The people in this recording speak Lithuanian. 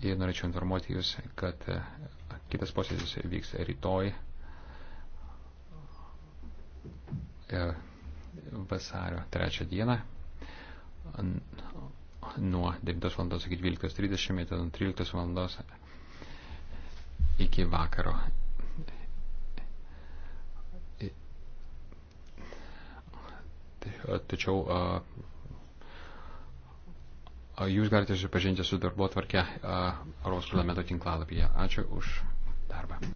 Ir norėčiau informuoti Jūs, kad e, kitas posėdis vyks rytoj e, vasario 3 dieną nuo 9 val. iki 12.30, 13 val. iki vakaro. Tai, tačiau Jūs galite susipažinti su darbo tvarke Europos parlamento tinklalapyje. Ačiū už darbą.